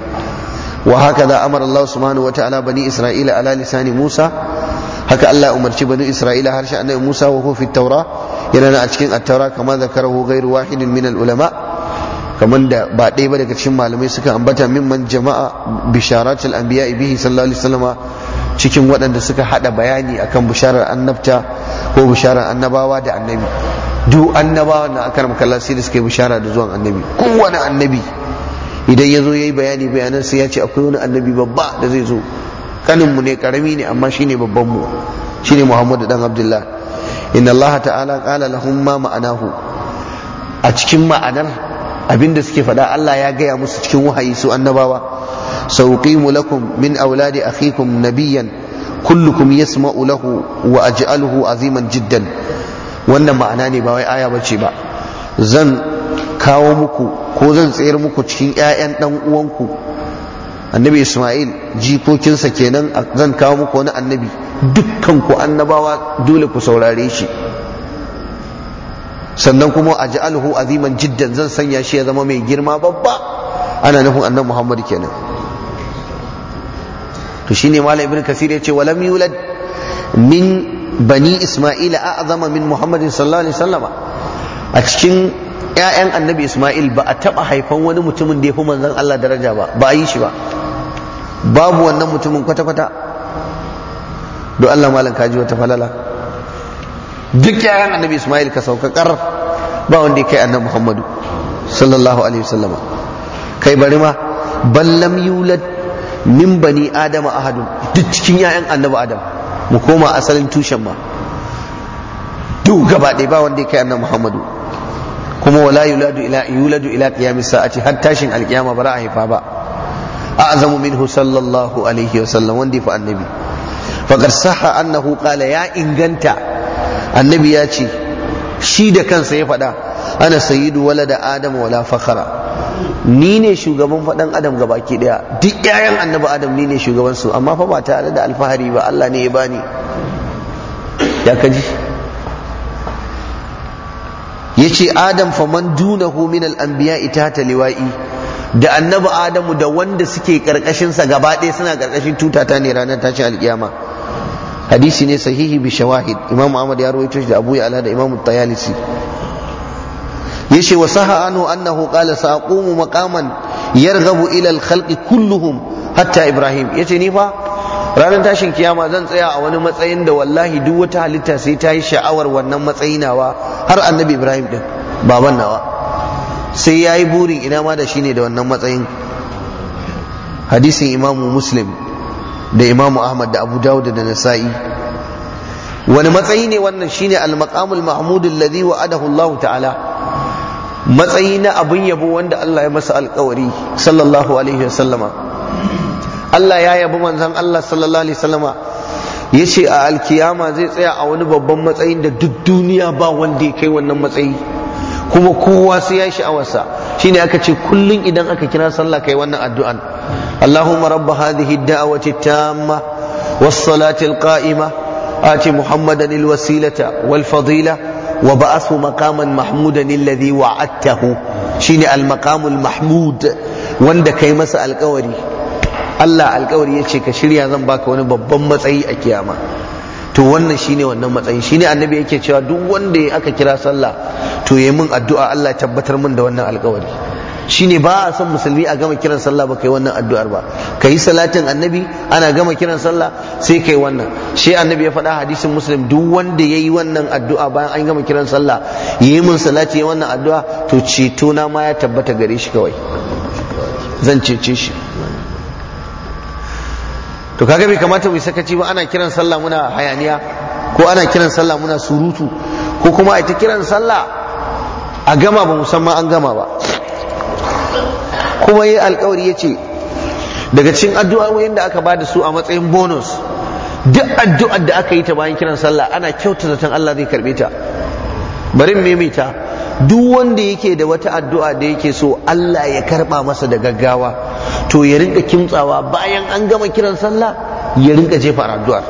S1: wa hakaza amara Allah subhanahu wa ta'ala bani Isra'ila ala lisani Musa haka Allah umarci bani Isra'ila harshe annabi Musa wa huwa fi at-taura yana a cikin at kamar kama zakarahu ghairu wahidin min al-ulama kamar da ba ɗaya ba daga cikin malamai suka ambata min man jama'a bisharatul anbiya bihi sallallahu alaihi wasallama cikin waɗanda suka hada bayani akan bisharar annabta ko bisharar annabawa da annabi duk annabawa na aka ramka sai da suka yi bishara da zuwan annabi kowane annabi idan ya zo ya yi bayani bayanan sai ya ce akwai wani annabi babba da zai zo kaninmu ne karami ne amma shine babbanmu shine muhammadu dan abdullah inna allah ta'ala qala lahum ma ma'anahu a cikin ma'anar abinda suke faɗa Allah ya gaya musu cikin wahayi su annabawa sauqimu lakum min auladi akhikum nabiyyan kullukum yasma'u lahu wa aj'aluhu aziman jiddan wannan ma'ana ne ba wai aya bace ba zan kawo muku ko zan tsayar muku cikin ƴaƴan dan uwanku annabi Isma'il jikokinsa kenan zan kawo muku wani annabi dukkan ku annabawa dole ku saurare shi sannan kuma a ja'alhu aziman jiddan zan sanya shi ya zama mai girma babba ana nufin annan muhammad kenan to shine malam ibn kasir ya ce walam yulad min bani isma'ila a'zama min muhammadin sallallahu alaihi sallama. a cikin ƴaƴan annabi isma'il ba a taɓa haifan wani mutumin da ya fi manzon Allah daraja ba ba a yi shi ba babu wannan mutumin kwata-kwata Do Allah malam kaji wata falala duk yayan annabi ismail ka saukakar ba wanda kai annabi muhammadu sallallahu alaihi wasallam kai bari ma ballam yulad min bani adam ahadun duk cikin yayan annabi adam mu koma asalin tushen ma duk gaba ɗaya ba wanda kai annabi muhammadu kuma wala yuladu ila yuladu ila qiyamis sa'ati har tashin alkiyama ba za a haifa ba a'zamu minhu sallallahu alaihi wasallam wanda fa annabi faqad sahha annahu qala ya inganta annabi ya ce shi da kansa ya faɗa ana sayidu wala da adam wala fakhara ni ne shugaban faɗan adam ke ɗaya duk 'ya'yan annabi adam ni ne shugaban su amma fa ba tare da alfahari ba Allah ne ya bani ya kaji yace adam fa man dunahu min al anbiya itata liwa'i da annabi adamu da wanda suke karkashin sa gaba ɗaya suna karkashin tutata ne ranar tashin alkiyama hadisi ne sahihi bi shawahid imam ahmad ya rawaito shi da abu ya'la da imam tayalisi yace wa saha anhu annahu qala saqumu maqaman yarghabu ila al-khalqi kulluhum hatta ibrahim yace ni fa ranar tashin kiyama zan tsaya a wani matsayin da wallahi duk wata halitta sai ta yi sha'awar wannan matsayi nawa har annabi ibrahim din baban nawa sai ya yi burin ina ma da shi ne da wannan matsayin hadisin imamu muslim da imamu ahmad da abu dawud da nasa'i wani matsayi ne wannan shine al-maqamul mahmud alladhi wa'adahu Allah ta'ala matsayi na abin yabo wanda Allah ya masa alkawari sallallahu alaihi sallama. Allah ya yabi manzon Allah sallallahu alaihi wasallama ya ce a alkiyama zai tsaya a wani babban matsayin da duk duniya ba wanda ya kai wannan matsayi kuma kowa sai ya sha'awarsa shine aka ce kullun idan aka kira sallah kai wannan addu'an Allahumma rabb hadhihi ad-da'wati at-tamma was-salati al-qa'ima ati Muhammadan al-wasilata wal-fadila وبعثه مقاما محمودا الذي وعدته شيني المقام Mahmud wanda kai masa alƙawari? Allah alkawari ya ce ka shirya zan baka wani babban matsayi a kiyama to wannan shine wannan matsayin shine annabi yake cewa duk wanda aka kira sallah to yi min addu'a Allah ya tabbatar min da wannan alkawari shine ba a son musulmi a gama kiran sallah ba kai wannan addu'ar ba ka yi salatin annabi ana gama kiran sallah sai kai wannan shi annabi ya faɗa hadisin muslim duk wanda ya yi wannan addu'a bayan an gama kiran sallah yayi mun min salati ya wannan addu'a to ceto na ma ya tabbata gare shi kawai zan cece shi to kaga bai kamata mu sakaci ba ana kiran sallah muna hayaniya ko ana kiran sallah muna surutu ko kuma a ta kiran sallah a gama ba musamman an gama ba kuma yi alkawari ya ce daga cikin addu'o'in da aka da su a matsayin bonus duk addu'ar da aka yi ta bayan kiran sallah ana kyauta zaton Allah zai karbe ta bari maimaita duk wanda yake da wata addu'a da yake so Allah ya karba masa da gaggawa to ya rinka kimtsawa bayan an gama kiran sallah ya rinka jefa addu'ar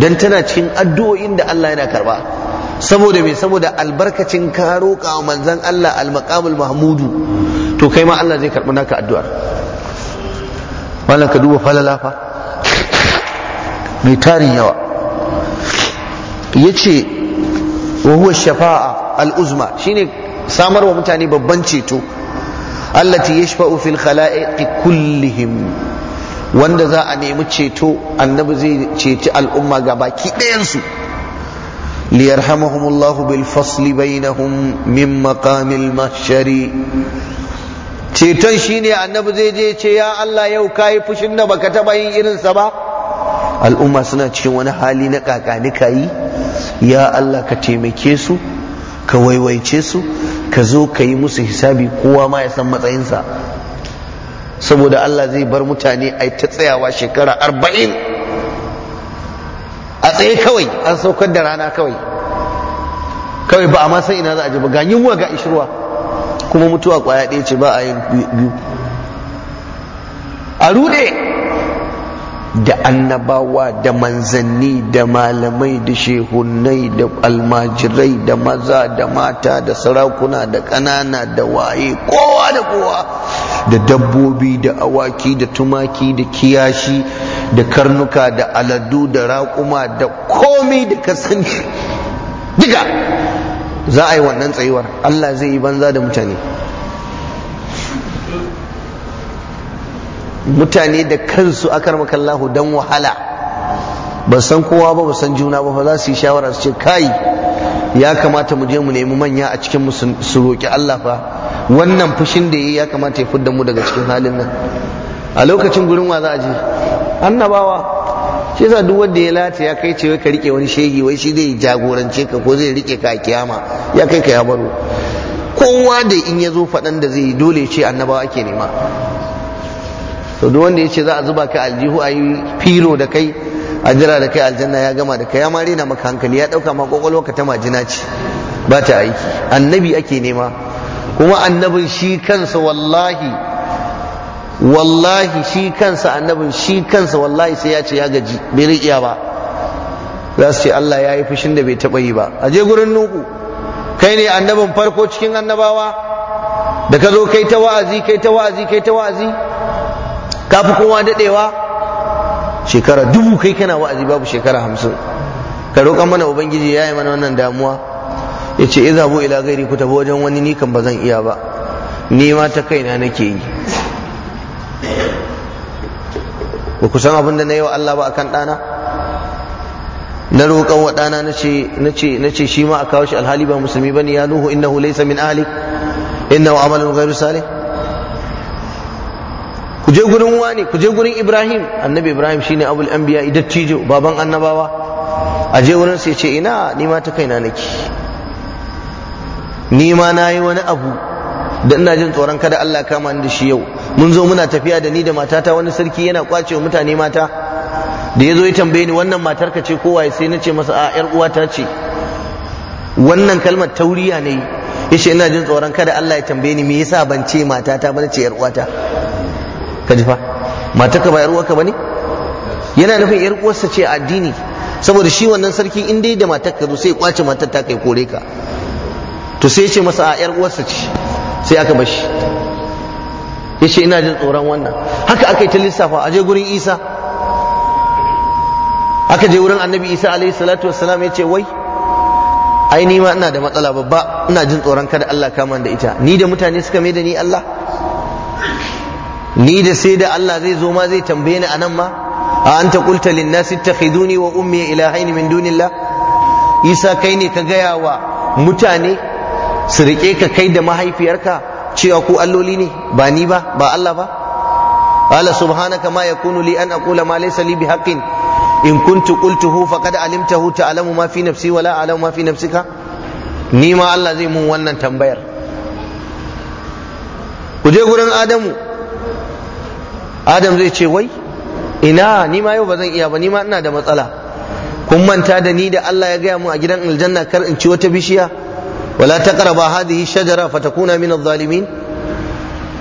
S1: dan tana cikin addu'o'in da Allah yana karba saboda me saboda albarkacin ka roƙa wa manzon Allah al-maqamul mahmudu to kai ma Allah zai karɓi naka addu'ar Wannan ka duba falala fa mai tarin yawa yace wa huwa shafa'a al-uzma shine samar wa mutane babban ceto allati yashfa'u fil khala'iq kullihim wanda za a nemi ceto annabi zai ceci al'umma ga baki ɗayansu su ليرحمهم الله بالفصل بينهم من مقام المحشر ceton shine annabi zai je ce ya Allah yau kayi fushin da baka taba yin irinsa ba al'umma suna cikin wani hali na kakani kayi ya Allah ka taimake su ka waiwaice su ka zo ka yi musu hisabi kowa ma ya san matsayinsa saboda Allah zai bar mutane a ta tsayawa shekara arba'in a tsaye kawai an saukar da rana kawai kawai ba a ma ina za a ji ba ga yunwa ga ishirwa kuma mutuwa kwaya ɗaya ce ba a yin biyu a rude da annabawa da manzanni da malamai da shehunai da almajirai da maza da mata da sarakuna da ƙanana da waye kowa da kowa da dabbobi da awaki da tumaki da kiyashi da karnuka da aladu da raƙuma da komai da kasance diga. za a yi wannan tsayuwar Allah zai yi banza da mutane mutane da kansu akar makallahu don wahala ba san kowa ba ba san juna ba za su yi shawara su ce kai ya kamata mu je mu nemi manya a cikin su roƙi Allah fa wannan fushin da yayi ya kamata ya fudda mu daga cikin halin nan a lokacin gurin wa za a je annabawa shi yasa duk wanda ya lata ya kai cewa ka rike wani shehi wai shi zai jagorance ka ko zai rike ka a kiyama ya kai ka ya baro kowa da in ya zo faɗan da zai dole ce annabawa ake nema to duk wanda ya ce za a zuba ka aljihu a yi firo da kai a jira da kai aljanna ya gama da kai ya mari na maka hankali ya ɗauka ma ƙwaƙwalwa ka ta majina ce ba ta aiki annabi ake nema kuma annabin shi kansa wallahi wallahi shi kansa annabin shi kansa wallahi sai ya ce ya gaji bai zai ba za su ce Allah ya yi fushin da bai taɓa yi ba a je gurin nuku kai ne annabin farko cikin annabawa da ka zo kai ta wa'azi kai ta wa'azi kai ta wa'azi ka fi kowa daɗewa shekara dubu kai kana wa'azi babu shekara hamsin ka roƙa mana ubangiji ya yi mana wannan damuwa ya ce izabu ila gairi ku tafi wajen wani nikan ba zan iya ba ni ma ta kaina nake yi ba ku san abin da na yi wa Allah ba akan ɗana na roƙan wa ɗana na ce shi ma a kawo shi alhali ba musulmi ba ne ya nuhu innahu laysa min ahlik wa amalin gairu sale ku je gurin wani ku je gurin Ibrahim annabi Ibrahim shine abul anbiya idattijo baban annabawa a je wurin sai ce ina ni ma ta kaina nake ni ma na yi wani abu da ina jin tsoron kada Allah kama ni da shi yau mun zo muna tafiya da ni da matata wani sarki yana kwace mutane mata da ya zo ya tambaye ni wannan matar ka ce kowaye sai na ce masa a yar uwata ce wannan kalmar tauriya ne yace ina jin tsoron kada Allah ya tambaye ni me yasa ban ce matata ba ce yar uwata ka ji fa matarka ba yar uwarka bane yana nufin yar uwarsa ce addini saboda shi wannan sarki in dai da matarka zo sai kwace matar ta kai kore ka to sai ce masa a yar uwarsa ce sai aka bashi ya ce ina jin tsoron wannan haka aka yi ta lissafa aje gurin isa aka je wurin annabi isa alaihi salatu wassalam ya ce wai ai ni ma ina da matsala babba ina jin tsoron kada Allah kama da ita ni da mutane suka mai da ni Allah ni da sai da Allah zai zo ma zai tambaye ni anan ma a anta qulta lin nas ittakhiduni wa ummi ilahain min dunillah isa kai ne ka gaya wa mutane su riƙe ka kai da mahaifiyarka cewa ku alloli ne ba ni ba ba Allah ba qala subhanaka ma yakunu li an aqula ma laysa li bihaqqin in kuntu qultuhu faqad alimtahu ta'lamu ma fi nafsi wa la a'lamu ma fi nafsika ni ma Allah zai mun wannan tambayar ku je gurin Adamu Adam zai ce wai ina ni ma yau ba zan iya ba ni ma ina da matsala kun manta da ni da Allah ya gaya mu a gidan aljanna kar in ci wata bishiya wala taqraba hadhihi shajara fatakuna min adh-dhalimin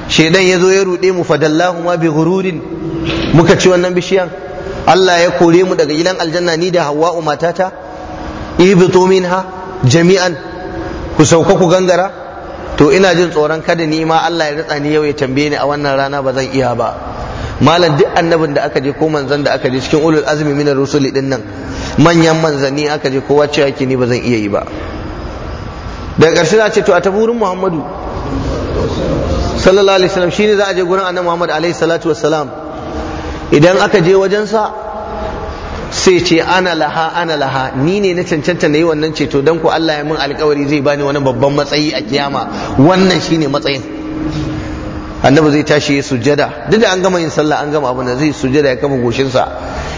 S1: shedan yazo ya rude mu fadallahuma bi ghururin muka ci wannan bishiyan Allah ya kore mu daga gidan aljanna ni da Hawwa'u matata ibitu minha jami'an ku sauka ku gangara to ina jin tsoron kada ni ma Allah ya ritsa ni yau ya tambaye ni a wannan rana ba zan iya ba malam duk annabin da aka je ko manzon da aka je cikin ulul azmi minar rusuli din nan manyan manzanni aka je kowa cewa ke ni ba zan iya yi ba daga ƙarshe za a ce to a tafi wurin muhammadu sallallahu alaihi wasallam shine za a je gurin annabi muhammad alaihi salatu wassalam idan aka je wajensa sai ce ana laha ana laha ni ne na cancanta na yi wannan ceto don ku Allah ya mun alkawari zai bani wani babban matsayi a kiyama wannan shine matsayin annabi zai tashi ya sujada duk da an gama yin sallah an gama abin da zai sujada ya kama goshinsa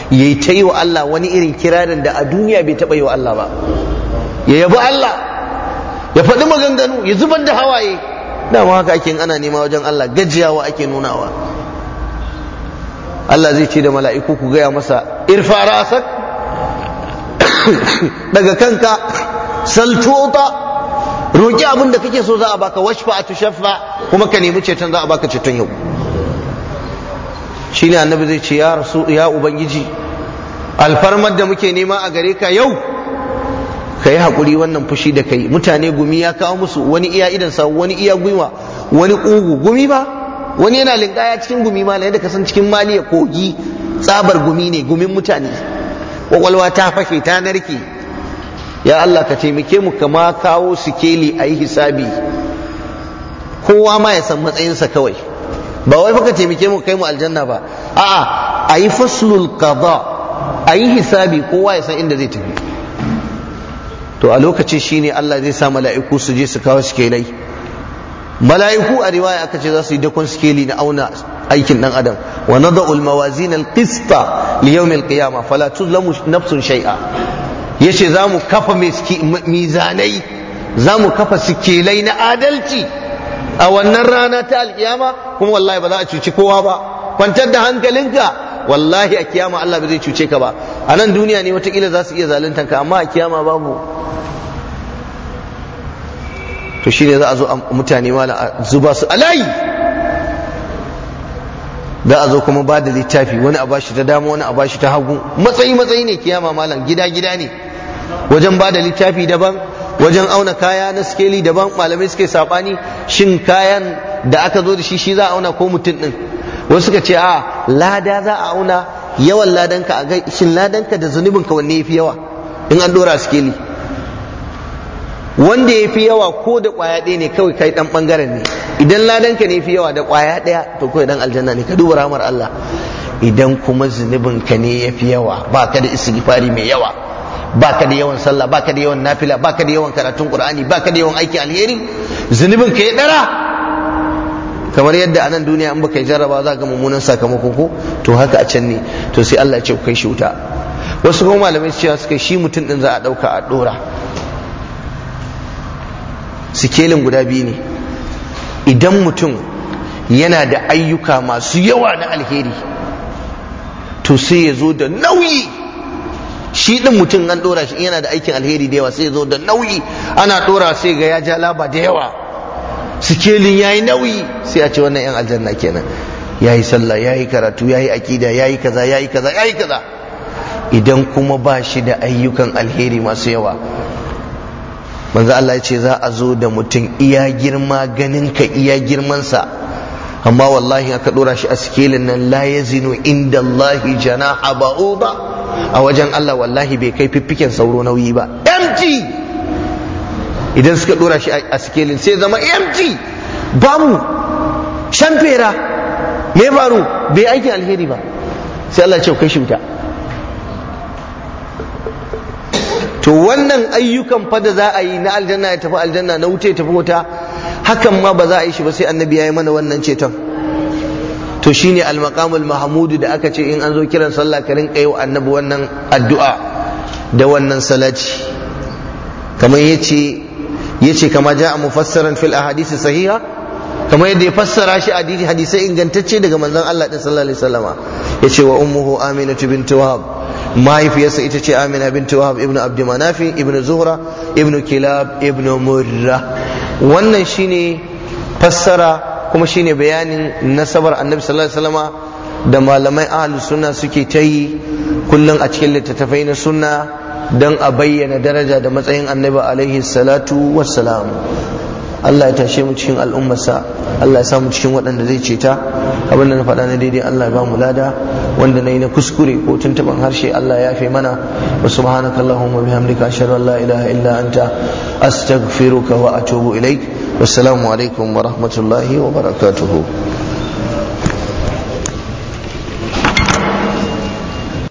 S1: ya yi ta yi wa Allah wani irin kirarin da a duniya bai taba yi wa Allah ba ya yabi Allah ya faɗi maganganu ya zubar da hawaye dama haka ake ana nema wajen Allah gajiyawa ake nunawa Allah zai ce da mala'iku ku gaya masa irfa rasak daga kanka saltota roki abin da kake so za a baka washfa a shaffa kuma ka nemi ceton za a baka ceton yau ne annabi zai ce ya rasu ya ubangiji alfarmar da muke nema a gare ka yau ka yi haƙuri wannan fushi da kai mutane gumi ya kawo musu wani iya idan sa wani iya gwiwa wani ƙugu gumi ba wani yana linƙaya cikin gumi ma yadda ka san cikin maliya kogi tsabar gumi ne gumin mutane kwakwalwa ta fashe ta narke ya Allah ka taimake mu kama kawo sikeli a yi hisabi kowa ma ya san matsayinsa kawai ba wai baka taimake mu kai mu aljanna ba a'a a yi faslul qada a yi hisabi kowa ya san inda zai tafi to a lokacin shine Allah zai sa mala'iku su je su kawo sikelai mala'iku a riwaya aka ce za su yi dakon sikeli na auna aikin ɗan adam wa nada'ul mawazin al-qista li al-qiyamah fala tuzlamu nafsun shay'a yace za mu kafa mizanai za mu kafa sikelai na adalci a wannan rana ta alkiyama kuma wallahi ba za a cuci kowa ba kwantar da hankalinka wallahi a kiyama Allah ba zai cuce ka ba a nan duniya ne watakila za su iya zaluntan ka amma a kiyama babu to shine za a zo mutane mala a zuba su alayi za a zo kuma ba da littafi wani a bashi ta dama wani a bashi ta hagu matsayi matsayi ne kiyama malam gida gida ne wajen ba da littafi daban wajen auna kaya na skeli daban malamai suke sabani shin kayan da aka zo da shi shi za a auna ko mutum din wasu ka ce a lada za a auna yawan ladanka a shin ladanka da zunubinka wanne ya fi yawa in an dora sikeli wanda ya fi yawa ko da kwaya ɗaya ne kawai kai ɗan ɓangaren ne idan ladanka ne fi yawa da kwaya ɗaya to kawai ɗan aljanna ne ka duba ramar Allah idan kuma zunubinka ne ya fi yawa ba ka da istighfari mai yawa ba ka da yawan sallah ba ka da yawan nafila ba ka da yawan karatun qur'ani ba ka da yawan aiki alheri zunubinka ya ɗara kamar yadda a nan duniya in baka yi jarraba za ga mummunan sakamako ko to haka a can ne to sai Allah ya ce ku kai shi wuta wasu kuma malamai su cewa suka shi mutum din za a dauka a dora sikelin guda biyu ne idan mutum yana da ayyuka masu yawa na alheri to sai ya zo da nauyi shi din mutum an dora shi yana da aikin alheri da yawa sai ya zo da nauyi ana dora sai ga ya ja laba da yawa sikelin yayi nauyi sai a ce wannan yan aljanna kenan yayi sallah yayi karatu yayi akida yayi kaza yayi kaza yayi kaza idan kuma ba shi da ayyukan alheri masu yawa manzo Allah ya ce za a zo da mutum iya girma ganin ka iya girmansa amma wallahi aka dora shi a sikelin nan la yazinu inda Allah janaha ba'uba a wajen Allah wallahi bai kai fiffiken sauro nauyi ba empty idan suka dora shi a sikelin sai zama empty bamu shan fera me faru bai aikin alheri ba sai Allah ce kai shi wuta to wannan ayyukan fa za a yi na aljanna ya tafi aljanna na wuta ya tafi wuta hakan ma ba za a yi shi ba sai annabi ya yi mana wannan ceton to shine almaqamul mahmudu da aka ce in an zo kiran sallah ka rinka wa annabi wannan addu'a da wannan salati kamar yace yace kama ja'a mufassaran fil hadisi sahiha kamar yadda ya fassara shi a hadisai ingantacce daga manzon Allah din sallallahu alaihi wasallama yace wa ummuhu aminatu bint wahab mahaifiyarsa ita ce amina bint wahab ibnu abd manafi ibnu zuhra ibnu kilab ibnu murra wannan shine fassara kuma shine bayanin nasabar annabi sallallahu alaihi wasallama da malamai ahlus sunna suke ta yi kullum a cikin littattafai na sunna don a bayyana daraja da matsayin annabi alaihi salatu wassalam Allah ya tashe mu cikin al'ummarsa Allah ya samu cikin waɗanda zai ceta abin da na faɗa na daidai Allah ya ba mu lada wanda na yi na kuskure ko tuntuban harshe Allah ya yafe mana wa subhanaka allahumma bihamdika ashhadu an la ilaha illa anta astaghfiruka wa atubu ilaik wassalamu alaikum wa rahmatullahi wa barakatuhu